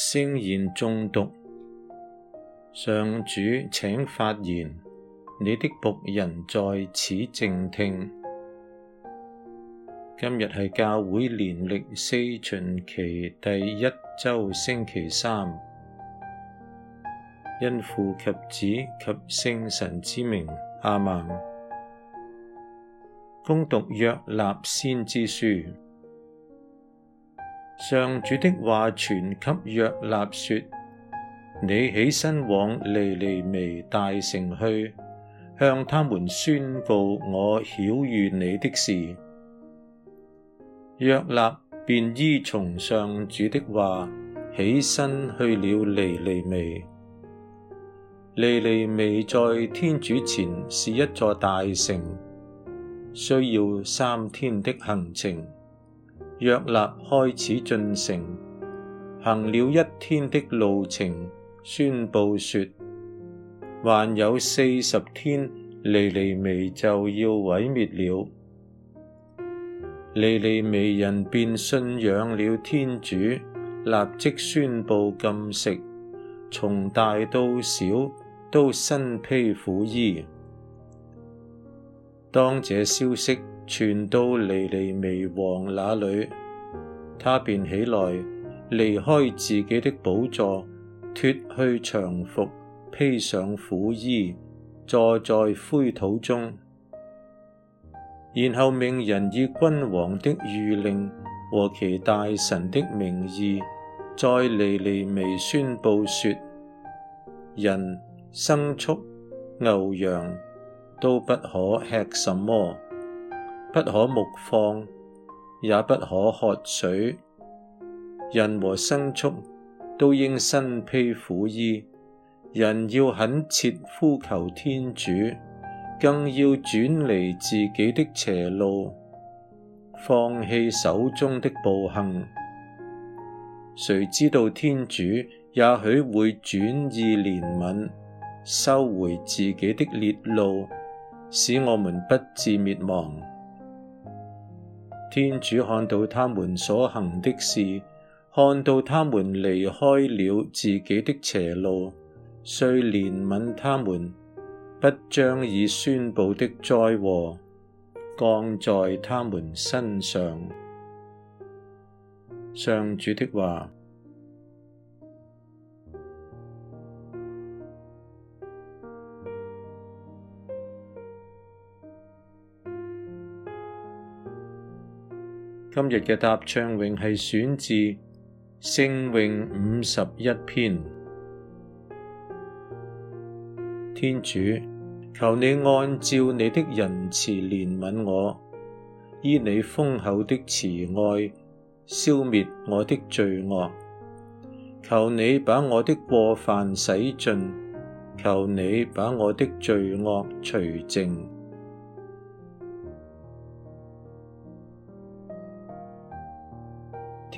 聲言誦讀。上主，請發言，你的僕人在此靜聽。今日係教會年曆四旬期第一周星期三，因父及子及聖神之名阿孟。恭讀約納先知書。上主的話傳給約納說：你起身往尼尼微大城去，向他們宣佈我曉諭你的事。約納便依從上主的話，起身去了尼尼微。尼尼微在天主前是一座大城，需要三天的行程。約納開始進城，行了一天的路程，宣布說：還有四十天，尼尼微就要毀滅了。尼尼微人便信仰了天主，立即宣布禁食，從大到小都身披苦衣。當這消息傳到尼尼微王那裏，他便起來，離開自己的寶座，脫去長服，披上苦衣，坐在灰土中。然後命人以君王的諭令和其大臣的名義，在尼尼微宣布說：人、牲畜、牛羊都不可吃什麼。不可牧放，也不可喝水。人和牲畜都應身披苦衣。人要懇切呼求天主，更要轉離自己的邪路，放棄手中的暴行。誰知道天主也許會轉意憐憫，收回自己的烈怒，使我們不致滅亡。天主看到他們所行的事，看到他們離開了自己的邪路，遂憐憫他們，不將已宣布的災禍降在他們身上。上主的話。今日嘅答唱詠係選自《聖詠五十一篇》。天主，求你按照你的仁慈憐憫我，依你豐厚的慈愛，消滅我的罪惡。求你把我的過犯洗盡，求你把我的罪惡除淨。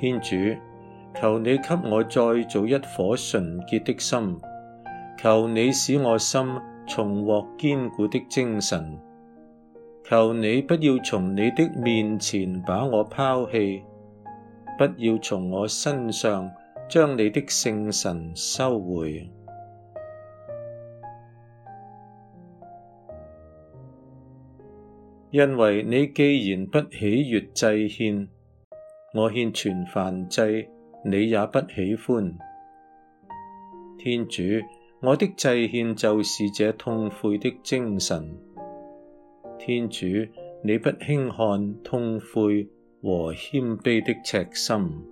天主，求你給我再造一顆純潔的心，求你使我心重獲堅固的精神，求你不要從你的面前把我拋棄，不要從我身上將你的聖神收回，因為你既然不喜悅祭獻。我獻全燔祭，你也不喜歡。天主，我的祭獻就是這痛悔的精神。天主，你不輕看痛悔和謙卑的赤心。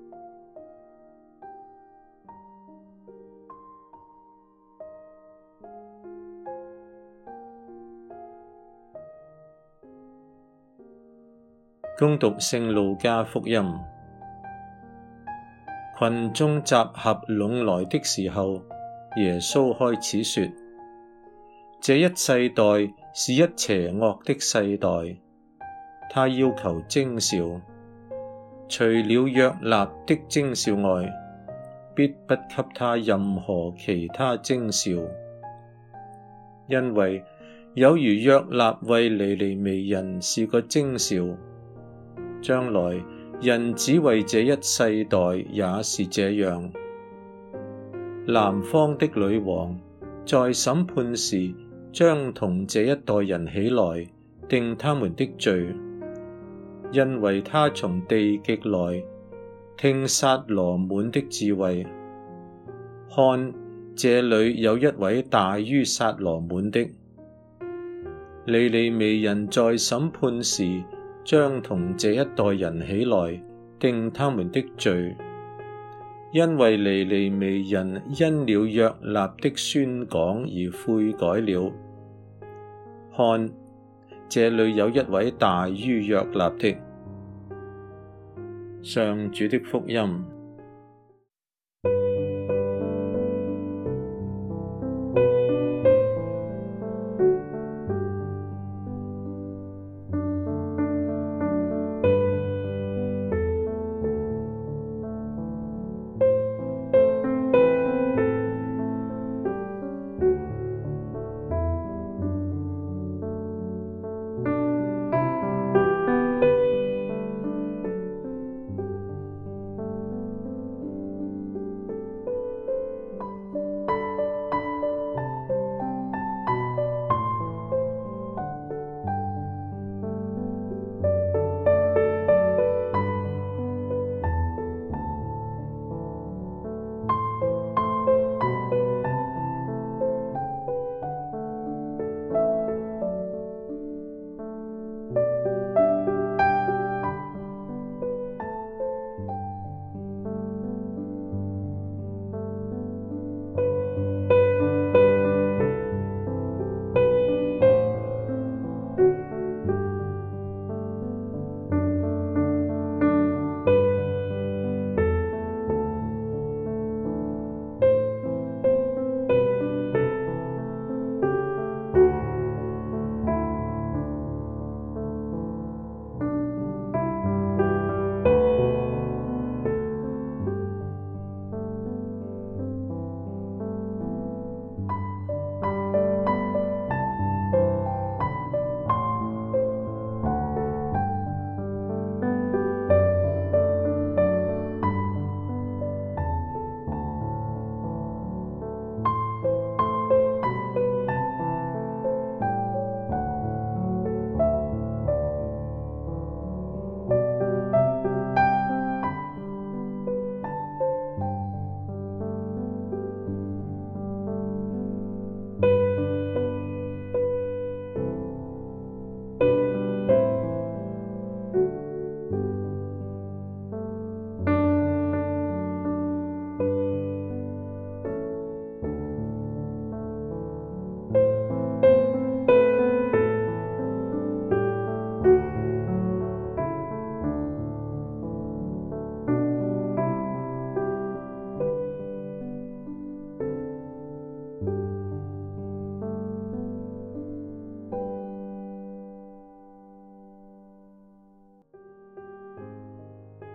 恭讀聖路加福音，群眾集合攏來的時候，耶穌開始說：這一世代是一邪惡的世代，他要求徵兆，除了約納的徵兆外，必不給他任何其他徵兆，因為有如約納為尼尼微人是個徵兆。將來人子為這一世代也是這樣。南方的女王在審判時，將同這一代人起來定他們的罪，因為她從地極來聽撒羅滿的智慧，看，這裏有一位大於撒羅滿的。尼尼微人在審判時。將同這一代人起來定他們的罪，因為尼尼微人因了約納的宣講而悔改了。看，這裏有一位大於約納的。上主的福音。